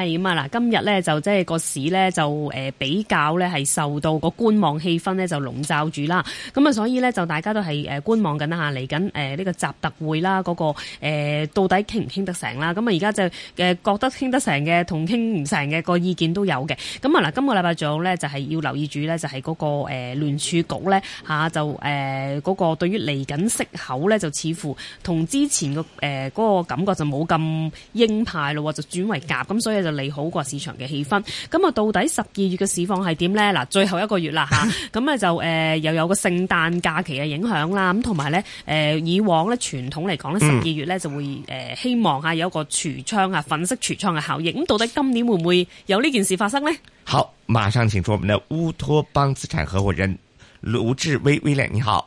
係啊嗱，今日咧就即係個市咧就誒比較咧係受到個觀望氣氛咧就籠罩住啦。咁啊，所以咧就大家都係誒觀望緊啦吓，嚟緊誒呢個習特會啦，嗰個誒到底傾唔傾得成啦？咁啊，而家就誒覺得傾得成嘅同傾唔成嘅個意見都有嘅。咁啊嗱，今個禮拜仲有咧就係要留意住咧，就係、是、嗰個誒聯儲局咧吓就誒嗰個對於嚟緊息口咧就似乎同之前個誒個感覺就冇咁鷹派咯，就轉為鴿咁，所以就。利好過市場嘅氣氛，咁啊到底十二月嘅市況係點呢？嗱，最後一個月啦吓，咁 咧、啊、就誒、呃、又有個聖誕假期嘅影響啦，咁同埋呢，誒以往咧傳統嚟講咧十二月呢就會誒希望吓有一個櫥、啊呃呃、窗啊粉飾櫥窗嘅效應，咁到底今年會唔會有呢件事發生呢？好，馬上請出我們嘅烏托邦資產合伙人盧志威威廉，你好。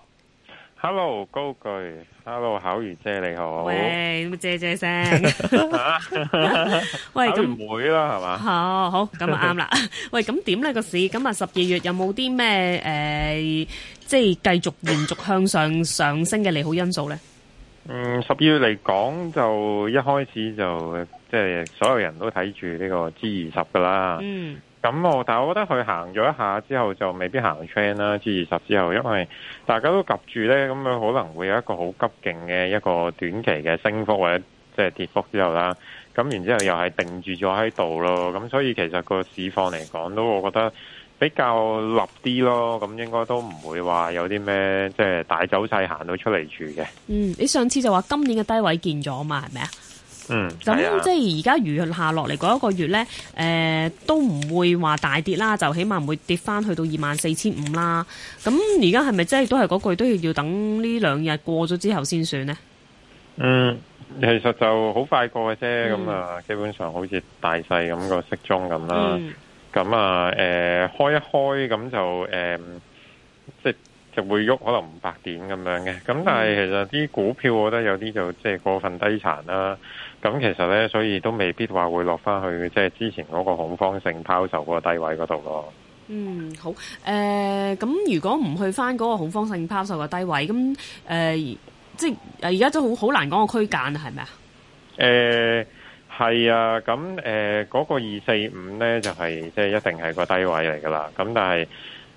hello 高巨，hello 考魚姐你好，喂咁借借聲，喂咁唔會啦係嘛？好好咁啊，啱啦，喂咁點咧個市，咁啊十二月有冇啲咩誒，即係繼續延續向上上升嘅利好因素咧？嗯，十二月嚟講就一開始就即係所有人都睇住呢個 G20 噶啦，嗯。咁我，但係我覺得佢行咗一下之後，就未必行到穿啦，至二十之後，因為大家都急住呢，咁佢可能會有一個好急勁嘅一個短期嘅升幅或者即係跌幅之後啦。咁然之後又係定住咗喺度咯。咁所以其實個市況嚟講，都我覺得比較立啲咯。咁應該都唔會話有啲咩即係大走勢行到出嚟住嘅。嗯，你上次就話今年嘅低位見咗嘛？係咪啊？嗯，咁、啊、即係而家餘下落嚟嗰一個月咧，誒、呃、都唔會話大跌啦，就起碼唔會跌翻去到二萬四千五啦。咁而家係咪即係都係嗰句，都要等呢兩日過咗之後先算呢？嗯，其實就好快過嘅啫，咁、嗯、啊，基本上好似大細咁個息鐘咁啦。咁、嗯、啊、誒、呃、開一開咁就誒、即、呃、係就會喐可能五百點咁樣嘅。咁但係其實啲股票我覺得有啲就即係、就是、過分低殘啦。咁其實咧，所以都未必話會落返去即係之前嗰個恐慌性拋售嗰個低位嗰度咯。嗯，好。誒、呃，咁如果唔去返嗰個恐慌性拋售嘅低位，咁誒、呃，即係而家都好好難講個區間是、呃、是啊，係咪啊？誒、呃，係啊。咁誒，嗰個二四五咧，就係、是、即係一定係個低位嚟㗎喇。咁但係誒、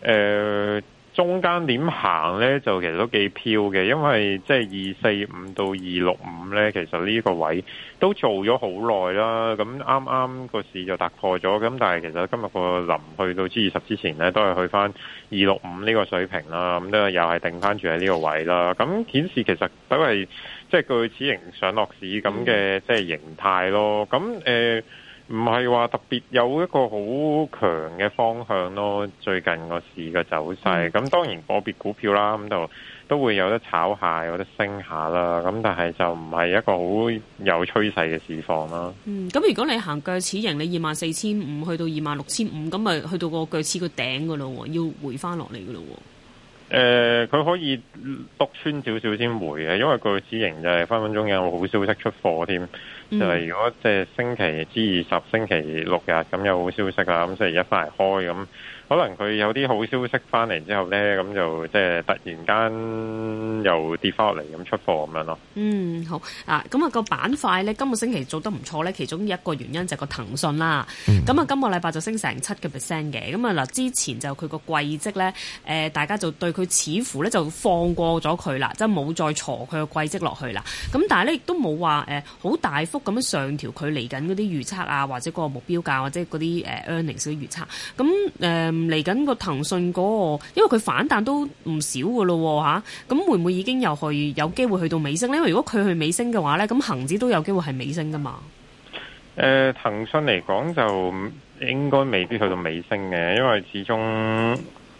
呃中間點行呢，就其實都幾飄嘅，因為即係二四五到二六五呢，其實呢個位都做咗好耐啦。咁啱啱個市就突破咗，咁但係其實今日個臨去到 G20 之前呢，都係去翻二六五呢個水平啦。咁都係又係定翻住喺呢個位啦。咁顯示其實都係即係據此形上落市咁嘅即係形態咯。咁誒。呃唔係話特別有一個好強嘅方向咯，最近個市嘅走勢，咁、嗯、當然個別股票啦，咁就都會有得炒下，有得升下啦，咁但係就唔係一個好有趨勢嘅市況啦。嗯，咁如果你行鋸齒形，你二萬四千五去到二萬六千五，咁咪去到個鋸齒個頂噶咯，要回翻落嚟噶咯。誒、呃，佢可以督穿少少先回嘅，因為鋸齒形就係分分鐘有好消息出貨添。就係、是、如果即係星期之二十星期六日咁有好消息啊，咁星期一翻嚟開咁，可能佢有啲好消息翻嚟之後咧，咁就即係突然間又跌翻落嚟咁出貨咁樣咯。嗯，好啊，咁、那、啊個板塊咧，今個星期做得唔錯咧，其中一個原因就係個騰訊啦。咁、嗯、啊，今個禮拜就升成七個 percent 嘅。咁啊嗱，之前就佢個季績咧、呃，大家就對佢似乎咧就放過咗佢啦，即係冇再鋤佢個季績落去啦。咁但係咧亦都冇話呃好大咁樣上調佢嚟緊嗰啲預測啊，或者嗰個目標價，或者嗰啲誒 earnings 嗰啲預測。咁誒嚟緊個騰訊嗰個，因為佢反彈都唔少噶咯吓。咁會唔會已經又去有機會去到尾聲咧？因為如果佢去尾聲嘅話咧，咁恒指都有機會係尾聲噶嘛。誒、呃，騰訊嚟講就應該未必去到尾聲嘅，因為始終。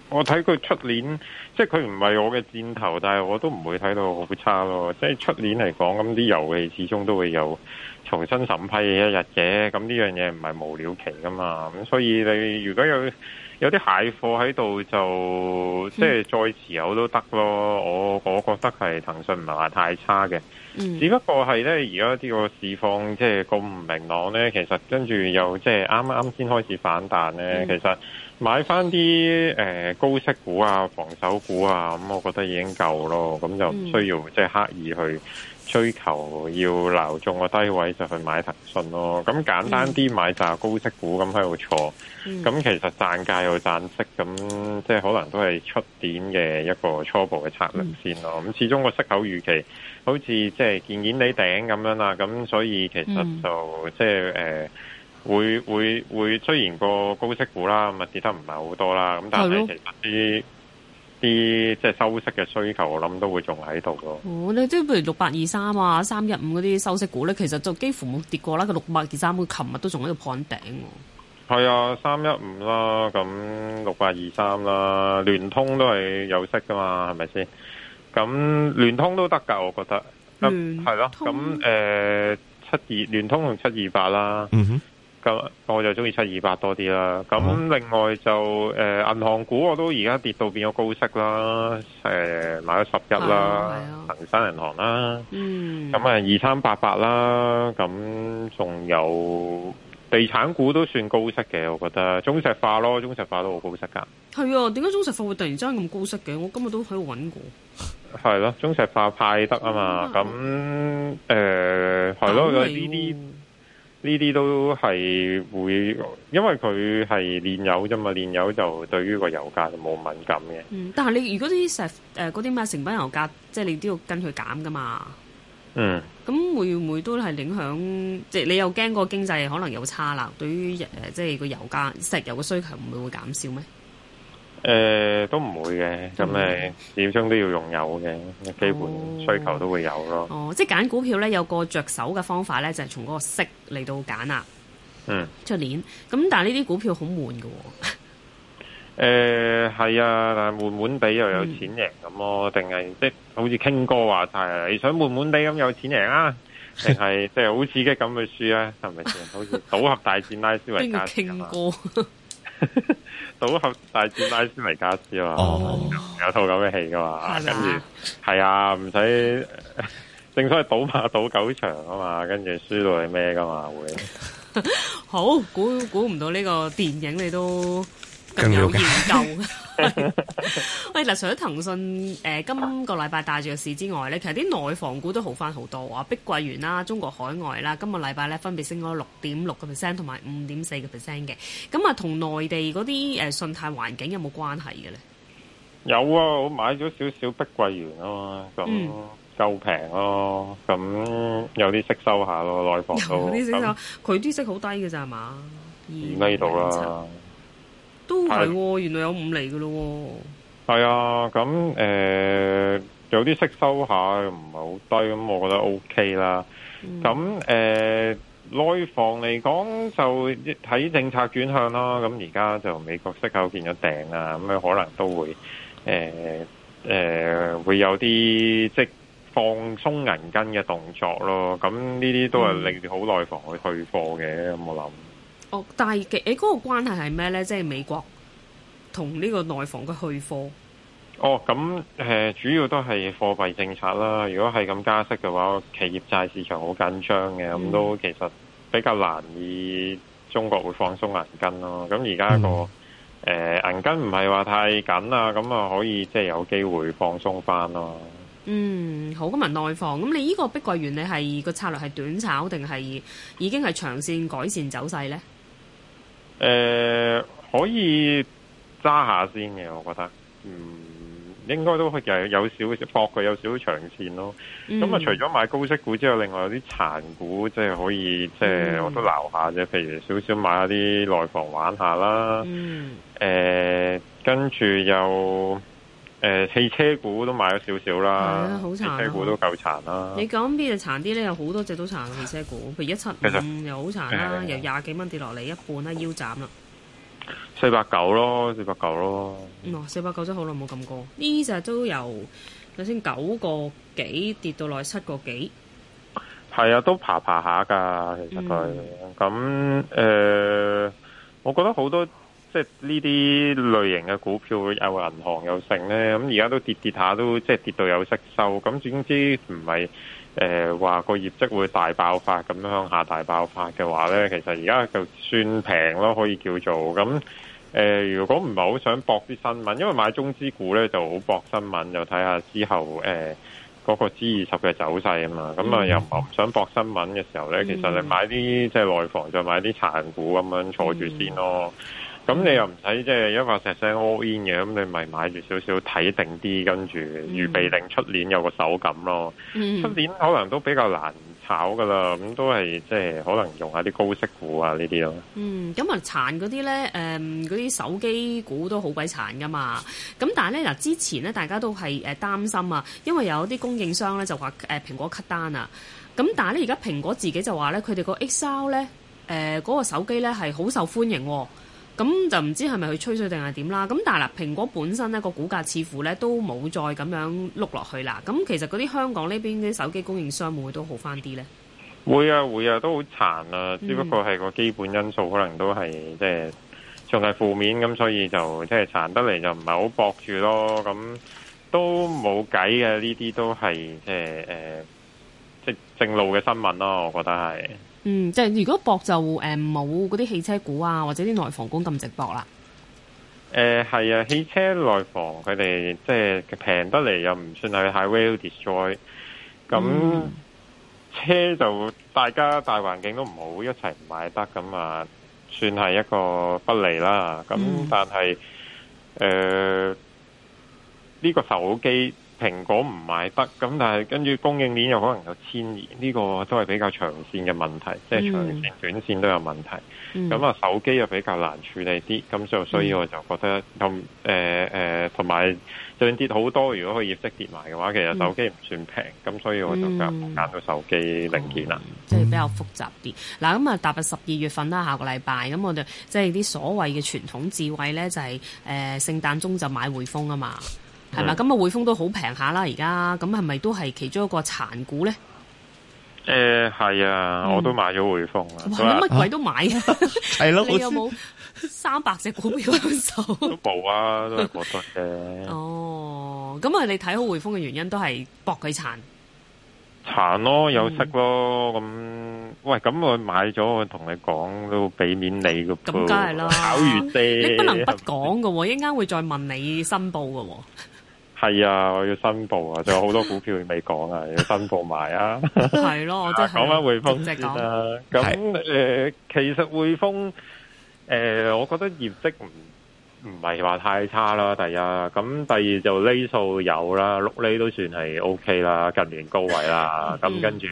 我睇佢出年，即係佢唔係我嘅箭頭，但係我都唔會睇到好差咯。即係出年嚟講，咁啲遊戲始終都會有重新審批嘅一日嘅，咁呢樣嘢唔係無了期噶嘛。咁所以你如果有有啲蟹貨喺度，就即係再持有都得咯。我我覺得係騰訊唔係話太差嘅。只不過係咧，而家呢個市況，即係咁唔明朗咧，其實跟住又即係啱啱先開始反彈咧，嗯、其實買翻啲誒高息股啊、防守股啊，咁我覺得已經夠咯，咁就唔需要即係、就是、刻意去。追求要留中個低位就去買騰訊咯，咁簡單啲買扎高息股咁喺度坐。咁、嗯嗯、其實賺價又賺息，咁即係可能都係出點嘅一個初步嘅策略先咯。咁、嗯、始終個息口預期好似即係見見你頂咁樣啦，咁所以其實就即係誒會會會雖然個高息股啦咁啊跌得唔係好多啦，咁但係其實啲。啲即係收息嘅需求，我諗都會仲喺度咯。哦，你即係譬如六百二三啊，三一五嗰啲收息股咧，其實就幾乎冇跌過啦。個六百二三，佢琴日都仲喺度破頂。係啊，三一五啦，咁六百二三啦，聯通都係有息噶嘛，係咪先？咁聯通都得噶，我覺得係咯。咁誒、呃呃，七二聯通同七二八啦。嗯哼。咁我就中意七二八多啲啦。咁另外就誒、呃、銀行股我都而家跌到變咗高息啦。誒、呃、買咗十一啦，恒生、啊啊、銀行啦。嗯。咁啊二三八八啦。咁仲有地產股都算高息嘅，我覺得中石化咯，中石化都好高息噶。係啊，點解中石化會突然之間咁高息嘅？我今日都喺度揾過。係 咯、啊，中石化派得啊嘛。咁誒，係、呃、咯，呢啲、啊。呢啲都係會，因為佢係煉油啫嘛，煉油就對於個油價就冇敏感嘅。嗯，但係你如果啲石誒嗰啲咩成品油價，即係你都要跟佢減噶嘛。嗯。咁會唔會都係影響？即係你又驚個經濟可能有差啦。對於誒，即係個油價、石油嘅需求唔會會減少咩？誒、呃，都唔會嘅，咁你始終都要用油嘅、哦，基本需求都會有咯、哦。哦，即係揀股票咧，有個着手嘅方法咧，就係從嗰個息嚟到揀喇。嗯。出年，咁但係呢啲股票好悶嘅。誒、呃，係啊，但係悶悶地又有錢贏咁咯，定、嗯、係即係好似傾哥話你想悶悶地咁有錢贏啊？定係即係好刺激咁去輸啊？係咪先？好似賭俠大戰拉斯維加斯、啊。 賭 俠大戰拉斯維加斯啊嘛，oh. 有套咁嘅戲噶嘛，跟住係啊，唔使正所謂賭馬賭狗場啊嘛，跟住輸到係咩噶嘛會， 好估估唔到呢個電影你都。更有研究 訊。喂、呃，嗱，除咗騰訊誒今個禮拜帶住個市之外咧，其實啲內房股都好翻好多，話碧桂園啦、中國海外啦，今個禮拜咧分別升咗六點六個 percent 同埋五點四個 percent 嘅。咁啊，同內地嗰啲誒信貸環境有冇關係嘅咧？有啊，我買咗少少碧桂園啊嘛，咁夠平咯，咁有啲息收下咯，內房有啲息收，佢啲息好低嘅咋嘛？二米度啦。都係喎，原來有五釐嘅咯喎。係啊，咁誒有啲息收下，唔係好低，咁我覺得 O K 啦。咁誒內房嚟講，就睇政策轉向啦。咁而家就美國息口見咗頂啊，咁可能都會誒誒會有啲即放鬆銀根嘅動作咯。咁呢啲都係令好內房去退貨嘅，咁我諗。哦、但係，你、欸、嗰、那個關係係咩咧？即係美國同呢個內房嘅去貨。哦，咁誒、呃，主要都係貨幣政策啦。如果係咁加息嘅話，企業債市場好緊張嘅，咁、嗯、都其實比較難以中國會放鬆銀根咯。咁而家個誒、嗯呃、銀根唔係話太緊啦、啊，咁啊可以即係、就是、有機會放鬆返咯。嗯，好咁問內房咁，你呢個碧桂園你係個是策略係短炒定係已經係長線改善走勢咧？誒、呃，可以揸下先嘅，我覺得，嗯，應該都係有有少少搏佢有少少長線咯。咁、嗯、啊，除咗買高息股之外，另外有啲殘股，即係可以，即係我都留下啫。譬如少少買下啲內房玩下啦。誒、嗯，跟、呃、住又。誒、呃，汽車股都買咗少少啦，係啊，好殘，汽車股都夠殘啦。你講邊隻殘啲咧？有好多隻都殘，汽車股，譬如一七五又好殘啦，由廿幾蚊跌落嚟一半啦，腰斬啦。四百九咯，四百九咯。哦，四百九真係好耐冇咁高，呢隻都由頭先九個幾跌到落去七個幾。係啊，都爬爬下噶，其實佢咁誒，我覺得好多。即係呢啲類型嘅股票，有銀行有剩呢，咁而家都跌跌下，都即係跌到有息收。咁總之唔係誒話個業績會大爆發咁樣向下大爆發嘅話呢，其實而家就算平咯，可以叫做咁誒、呃。如果唔係好想博啲新聞，因為買中資股呢就好博新聞，就睇下之後誒嗰、呃那個 G20 嘅走勢啊嘛。咁、嗯、啊又唔想博新聞嘅時候呢、嗯，其實你買啲即係內房就買啲殘股咁樣坐住先咯。咁、嗯、你又唔使即係一塊石聲 all in 嘅，咁你咪買住少少睇定啲，跟住預備定出年有個手感咯。出、嗯、年可能都比較難炒噶啦，咁都係即係可能用下啲高息股啊呢啲咯。嗯，咁啊，殘嗰啲咧，嗰啲手機股都好鬼殘噶嘛。咁但係咧嗱，之前咧大家都係、呃、擔心啊，因為有啲供應商咧就話、呃、蘋果 cut 單啊。咁但係咧，而家蘋果自己就話咧，佢哋個 XR 咧嗰個手機咧係好受歡迎喎、啊。咁就唔知係咪去吹水定係點啦？咁但係啦，蘋果本身咧個股價似乎咧都冇再咁樣碌落去啦。咁其實嗰啲香港呢邊啲手機供應商會唔會都好翻啲咧？會啊會啊，都好殘啊、嗯！只不過係個基本因素，可能都係即係仲係負面咁，所以就即係殘得嚟就唔係好搏住咯。咁都冇計嘅，呢啲都係即係、呃、即係正路嘅新聞咯，我覺得係。嗯，即係如果搏就誒冇嗰啲汽車股啊，或者啲內房股咁直搏啦。誒、呃、係啊，汽車內房，佢哋即係平得嚟又唔算係太 well destroy。咁、嗯、車就大家大環境都唔好，一齊唔買得咁啊，算係一個不利啦。咁、嗯、但係誒呢個手機。蘋果唔買得，咁但係跟住供應鏈又可能有遷移，呢、這個都係比較長線嘅問題，即係長線、短線都有問題。咁、嗯、啊，手機又比較難處理啲，咁所所以我就覺得咁誒誒，同埋就算跌好多，如果佢業績跌埋嘅話，其實手機唔算平，咁、嗯、所以我就、嗯嗯、就揀到手機零件啦。即係比較複雜啲。嗱、嗯，咁啊，踏入十二月份啦，下個禮拜，咁我哋即係啲所謂嘅傳統智慧咧，就係誒聖誕中就買匯豐啊嘛。係咪？咁、嗯、啊，匯豐都好平下啦，而家咁係咪都係其中一個殘股咧？誒、嗯、係、欸、啊，我都買咗匯豐啦。乜鬼都買啊？係 咯， 你有冇三百隻股票手？都報啊，都係覺得嘅。 哦，咁啊，你睇好匯豐嘅原因都係搏佢殘？殘咯，有息咯。咁、嗯、喂，咁我買咗，我同你講都俾面你噶梗係啦，炒、嗯、 你不能不講噶，一 陣間會再問你申報噶。係啊，我要申報啊，仲有好多股票未講啊，要申報埋啊。係咯，我即係講翻匯豐，即係講先啦。咁誒，其實匯豐誒，我覺得業績唔唔係話太差啦。第一，咁第二就厘數有啦，六厘都算係 OK 啦，近年高位啦。咁跟住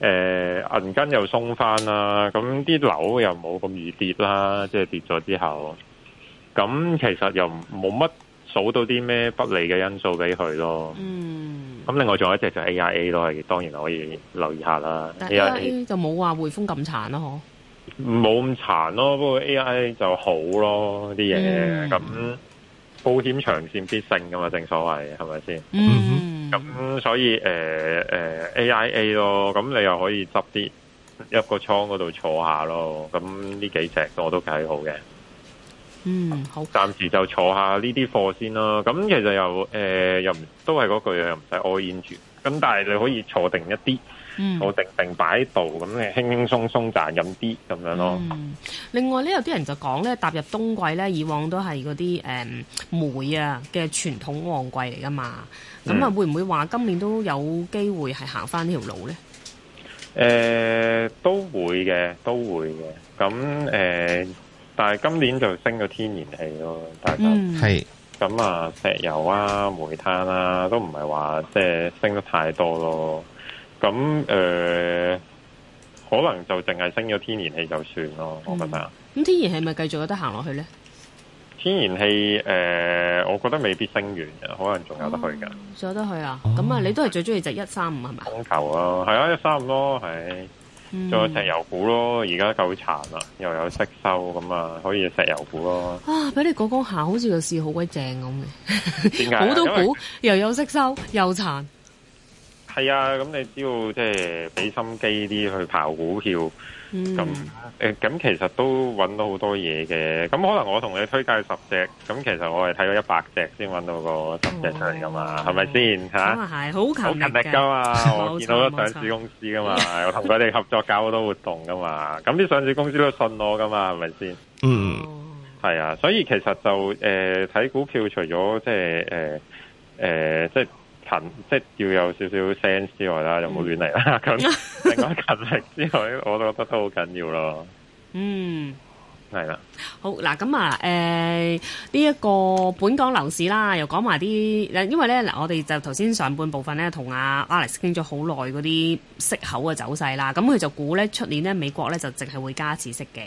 誒，銀根又鬆翻啦，咁啲樓又冇咁易跌啦。即係跌咗之後，咁其實又冇乜。數到啲咩不利嘅因素俾佢咯，嗯。咁另外仲有一隻就 AIA 咯，係當然可以留意下啦。AIA, AIA 就冇話匯豐咁殘咯，嗬、嗯？冇咁殘咯，不過 AIA 就好咯啲嘢，咁、嗯、保險長線必勝噶嘛，正所謂係咪先？嗯。咁所以、呃呃、AIA 咯，咁你又可以執啲入個倉嗰度坐下咯。咁呢幾隻我都計好嘅。嗯，好。暫時就坐下呢啲貨先啦。咁其實又誒、呃，又唔都係嗰句啊，又唔使挨住。咁但係你可以坐定一啲，坐、嗯、定定擺喺度，咁你輕輕松鬆賺任啲咁樣咯、嗯。另外呢，有啲人就講咧，踏入冬季咧，以往都係嗰啲誒煤啊嘅傳統旺季嚟噶嘛。咁、嗯、啊會唔會話今年都有機會係行翻呢條路咧？誒、呃，都會嘅，都會嘅。咁誒。呃但係今年就升咗天然氣咯，大家，係咁啊，石油啊、煤炭啊，都唔係話即係升得太多咯。咁誒、呃，可能就淨係升咗天然氣就算咯、嗯，我覺得。咁天然氣咪繼續有得行落去咧。天然氣誒、呃，我覺得未必升完嘅，可能仲有得去㗎。仲、哦、有得去啊？咁、嗯、啊，你都係最中意就一三五係咪？光球啊，係啊，一三五咯，係。再有石油股咯，而家夠殘啦，又有息收咁啊，可以石油股咯。啊，俾你講講下，好似個市好鬼正咁嘅。點 解？好多股，又有息收，又殘。係啊，咁你只要即係俾心機啲去刨股票。咁、嗯、誒、咁、呃、其實都揾到好多嘢嘅。咁可能我同你推介十隻，咁其實我係睇咗一百隻先揾到個十隻上嚟噶嘛，係咪先吓？咁係，好、嗯啊、勤力，好勤力噶嘛！我見到咗上市公司噶嘛，我同佢哋合作搞好多活動噶嘛。咁 啲上市公司都信我噶嘛，係咪先？嗯，係啊。所以其實就誒睇、呃、股票除，除、呃、咗、呃呃、即係誒誒即係。即係要有少少 sense 之外啦，又冇亂嚟啦。咁另外勤力之外，我都覺得都好緊要咯。嗯，係啦。好嗱，咁啊，誒、呃，呢、這、一個本港樓市啦，又講埋啲，因為咧嗱，我哋就頭先上半部分咧，同阿、啊、Alex 傾咗好耐嗰啲息口嘅走勢啦。咁佢就估咧，出年咧美國咧就淨係會加次息嘅。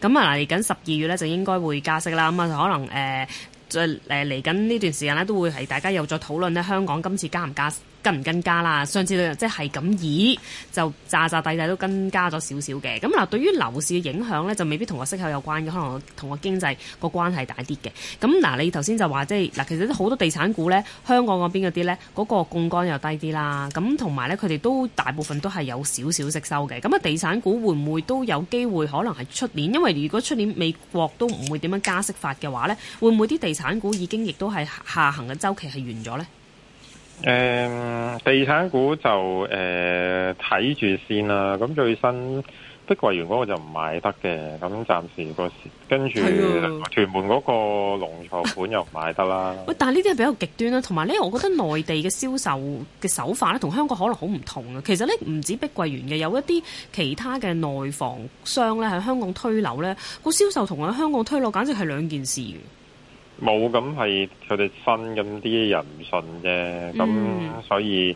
咁啊嚟緊十二月咧就應該會加息啦。咁啊可能誒。呃再嚟緊呢段時間咧，都會係大家又再討論咧，香港今次加唔加息？跟唔跟加啦？上次即係咁以就炸炸地地都跟加咗少少嘅。咁嗱，對於樓市嘅影響呢，就未必同個息口有關嘅，可能同個經濟個關係大啲嘅。咁嗱，你頭先就話即係嗱，其實好多地產股呢，香港嗰邊嗰啲呢，嗰個槓桿又低啲啦。咁同埋呢，佢哋都大部分都係有少少息收嘅。咁啊，地產股會唔會都有機會可能係出年？因為如果出年美國都唔會點樣加息法嘅話呢，會唔會啲地產股已經亦都係下行嘅周期係完咗呢？誒、嗯，地產股就誒睇住先啦。咁最新碧桂園嗰個就唔買得嘅，咁暫時、那個跟住屯門嗰個龍床盤又唔買得啦。喂、啊，但呢啲係比較極端啦。同埋咧，我覺得內地嘅銷售嘅手法咧，同香港可能好唔同嘅。其實咧，唔止碧桂園嘅，有一啲其他嘅內房商咧，喺香港推樓咧，個銷售同喺香港推樓簡直係兩件事。冇咁，係佢哋新咁啲人唔信啫。咁、嗯、所以，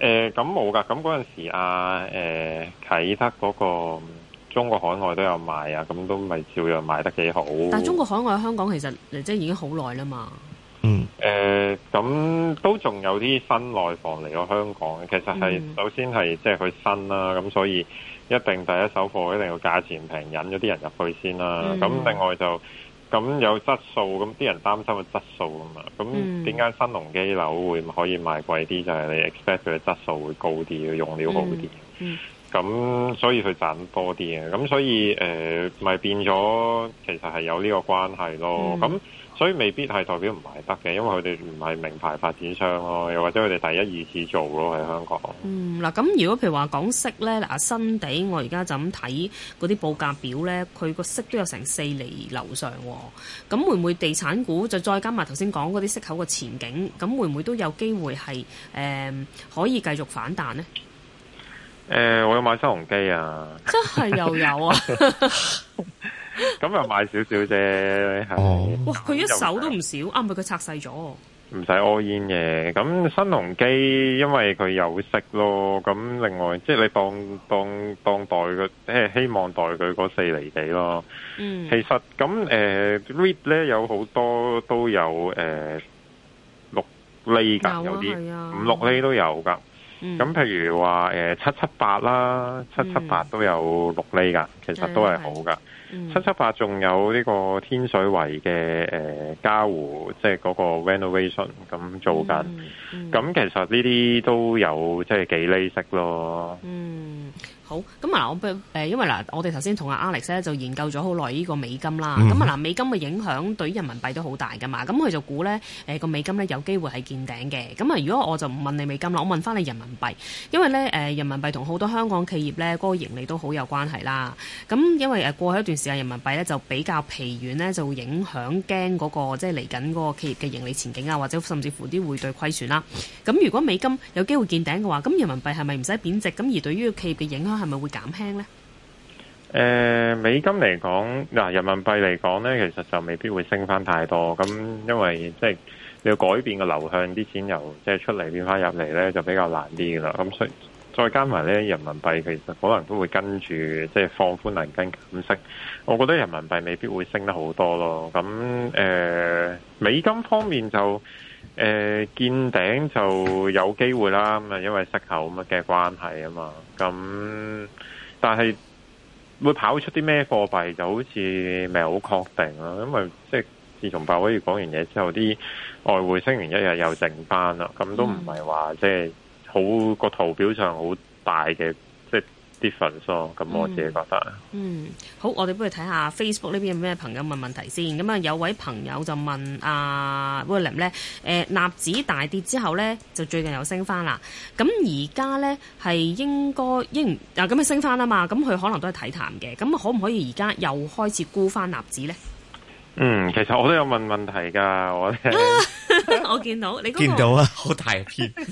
誒咁冇噶咁嗰陣時阿誒啟德嗰個中國海外都有賣啊，咁都咪照樣賣得幾好。但係中國海外喺香港其實嚟，即係已經好耐啦嘛。嗯、誒、呃、咁都仲有啲新內房嚟咗香港，其實係、嗯、首先係即係佢新啦，咁所以一定第一手貨一定要價錢平，引咗啲人入去先啦。咁、嗯、另外就。咁有質素，咁啲人擔心個質素啊嘛。咁點解新鴻基樓會可以賣貴啲？就係、是、你 expect 佢嘅質素會高啲，用料好啲。咁、嗯嗯、所以佢賺多啲嘅。咁所以誒，咪、呃、變咗，其實係有呢個關係咯。咁、嗯。所以未必係代表唔係得嘅，因為佢哋唔係名牌發展商咯、啊，又或者佢哋第一二次做咯喺香港、啊。嗯，嗱，咁如果譬如話講息咧，嗱新地我而家就咁睇嗰啲報價表咧，佢個息都有成四厘樓上、啊，咁會唔會地產股就再加埋頭先講嗰啲息口嘅前景，咁會唔會都有機會係誒、呃、可以繼續反彈呢？誒、呃，我有買新鴻基啊！真係又有啊！ 咁又買少少啫，係哇！佢一手都唔少，啱唔佢拆細咗。唔使屙煙嘅，咁新鴻基因為佢有色咯，咁另外即係你當當當代佢，即係希望代佢嗰四厘地咯。嗯，其實咁誒、呃、，REIT 咧有好多都有誒六、呃、厘噶，有啲五六厘都有噶。咁、嗯、譬如話誒、呃、七七八啦，七七八都有六厘㗎、嗯，其實都係好㗎、嗯嗯。七七八仲有呢個天水圍嘅誒嘉湖，即係嗰個 renovation 咁做緊。咁、嗯嗯、其實呢啲都有即係、就是、幾厘息咯。嗯。好，咁啊嗱，我誒因為嗱，我哋頭先同阿 Alex 咧就研究咗好耐呢個美金啦。咁啊嗱，美金嘅影響對人民幣都好大噶嘛。咁佢就估咧誒個美金咧有機會係見頂嘅。咁啊，如果我就唔問你美金啦，我問翻你人民幣，因為咧誒人民幣同好多香港企業咧嗰個盈利都好有關係啦。咁因為誒過去一段時間，人民幣咧就比較疲軟咧，就會影響驚嗰、那個即係嚟緊嗰個企業嘅盈利前景啊，或者甚至乎啲匯兌虧損啦。咁如果美金有機會見頂嘅話，咁人民幣係咪唔使貶值？咁而對於企業嘅影響？係咪會減輕呢？誒、呃，美金嚟講，嗱、啊，人民幣嚟講呢，其實就未必會升翻太多，咁因為即係、就是、你要改變個流向，啲錢由即係、就是、出嚟變翻入嚟呢，就比較難啲噶啦。咁所以再加埋呢，人民幣其實可能都會跟住即係放寬銀根減息，我覺得人民幣未必會升得好多咯。咁誒、呃，美金方面就。誒、呃、見頂就有機會啦，咁啊因為息口咁嘅關係啊嘛，咁、嗯、但係會跑出啲咩貨幣，就好似未好確定啦，因為即係自從鮑威爾講完嘢之後，啲外匯升完一日又靜翻啦，咁都唔係話，即係好個圖表上好大嘅。咁我自己覺得。嗯，嗯好，我哋不如睇下 Facebook 呢邊有咩朋友問問題先。咁啊，有位朋友就問啊 William 咧，誒、呃、納指大跌之後咧，就最近又升翻啦。咁而家咧係應該應啊，咁佢升翻啦嘛。咁佢可能都係睇淡嘅。咁可唔可以而家又開始沽翻納指咧？嗯，其實我都有問問題㗎，我 我見到你、嗰個、見到啊，好大一片。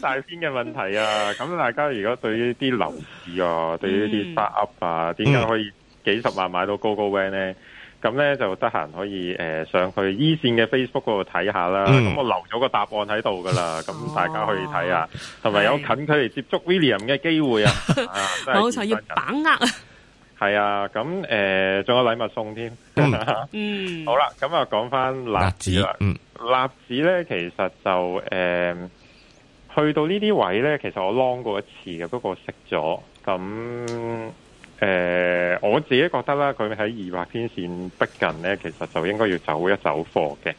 大篇嘅問題啊！咁大家如果對於啲樓市啊，嗯、對於啲 Startup 啊，點解可以幾十萬買到 Go Go Van 咧？咁咧就得閒可以誒、呃，上去、e、線一線嘅 Facebook 嗰度睇下啦。咁、嗯、我留咗個答案喺度噶啦，咁、哦、大家可以睇下。同埋有近距離接觸 William 嘅機會啊！好 就、啊、要把握、啊。係啊，咁誒，仲、呃、有禮物送添。嗯， 嗯，好啦，咁啊，講翻辣子啦。嗯，辣子咧，其實就誒。呃去到呢啲位呢，其實我 long 過一次嘅，不過食咗。咁誒、呃，我自己覺得啦，佢喺二百天線逼近呢，其實就應該要走一走貨嘅，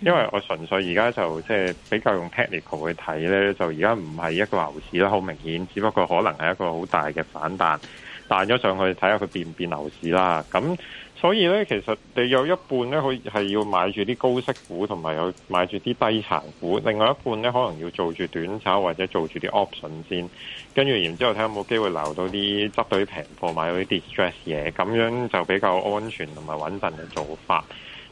因為我純粹而家就即係比較用 technical 去睇呢，就而家唔係一個牛市啦，好明顯，只不過可能係一個好大嘅反彈。彈咗上去睇下佢變唔變樓市啦，咁所以咧，其實你有一半咧，佢係要買住啲高息股同埋有買住啲低殘股，另外一半咧，可能要做住短炒或者做住啲 option 先，跟住然之後睇下有冇機會留到啲、執到啲平貨、買到啲 distress 嘢，咁樣就比較安全同埋穩陣嘅做法。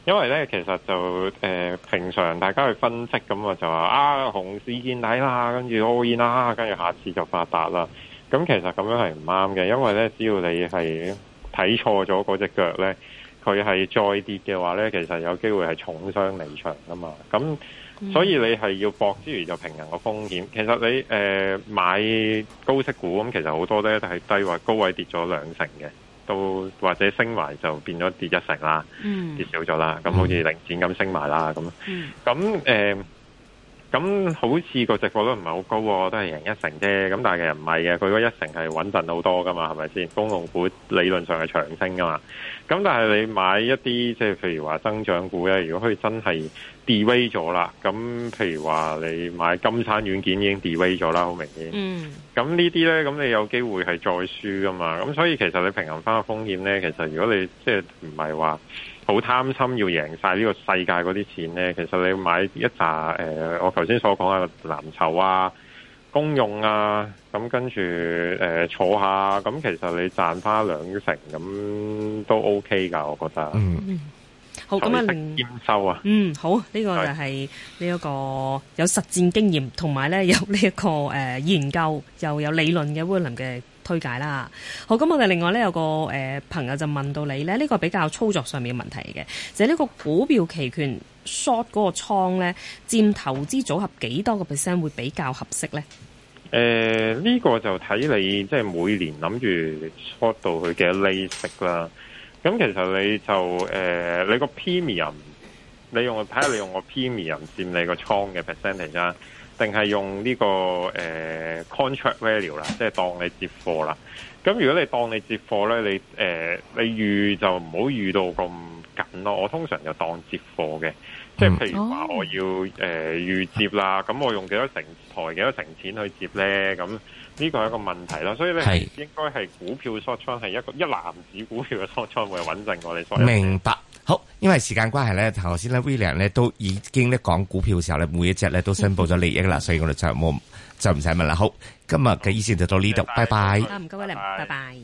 因為咧其實就誒、呃、平常大家去分析咁啊，就話啊熊市見底啦，跟住 all in 啦，跟住下次就發達啦。咁其實咁樣係唔啱嘅，因為呢，只要你係睇錯咗嗰隻腳呢，佢係再跌嘅話呢，其實有機會係重傷離場噶嘛。咁所以你係要搏之餘，就平衡個風險。其實你誒、呃、買高息股咁，其實好多咧都係低位高位跌咗兩成嘅，到或者升埋就變咗跌一成啦，mm. 跌少咗啦。咁好似零錢咁升埋啦，咁咁誒。咁好似個直落都唔係好高喎，都係贏一成啫。咁但係其實唔係嘅，佢嗰一成係穩陣好多噶嘛，係咪先？公用股理論上係長升噶嘛。咁但係你買一啲即係譬如話增長股咧，如果佢真係 divi 咗啦，咁譬如話你買金山軟件已經 divi 咗啦，好明顯。嗯。咁呢啲咧，咁你有機會係再輸噶嘛？咁所以其實你平衡翻個風險咧，其實如果你即係唔係話。好貪心要贏晒呢個世界嗰啲錢咧，其實你買一揸、呃、我頭先所講嘅藍籌啊、公用啊，咁、嗯、跟住誒、呃、坐下，咁、嗯、其實你賺翻兩成咁、嗯、都 OK 㗎，我覺得。嗯，好，咁啊，驗收啊。嗯，好，呢、這個就係呢一個有實戰經驗，同埋咧有呢、這、一個誒、呃、研究又有理論嘅威廉嘅。推介啦，好，咁我哋另外咧有個誒、呃、朋友就問到你咧，呢、這個比較操作上面嘅問題嘅，就係、是、呢個股票期權 short 嗰個倉咧，佔投資組合幾多個 percent 會比較合適咧？誒、呃、呢、這個就睇你即係每年諗住 short 到佢嘅利息啦。咁其實你就誒、呃、你個 premium，你用睇下你用個 premium 佔你個倉嘅 percentage 啦。定係用呢、這個誒、呃、contract value 啦，即係當你接貨啦。咁如果你當你接貨咧，你誒、呃、你預就唔好預到咁緊咯。我通常就當接貨嘅，即係譬如話我要誒、呃、預接啦，咁我用幾多成台幾多成錢去接咧？咁呢個係一個問題咯。所以咧，應該係股票 shorting 係一個一籃子股票嘅 shorting 會穩陣過你 shorting 明白。好，因為時間關係咧，頭先咧 William 咧都已經咧講股票嘅時候咧，每一隻咧都申報咗利益啦，嗯，所以我哋就冇就唔使問啦。好，今日嘅意見就到呢度，拜拜。好，唔該你，拜拜。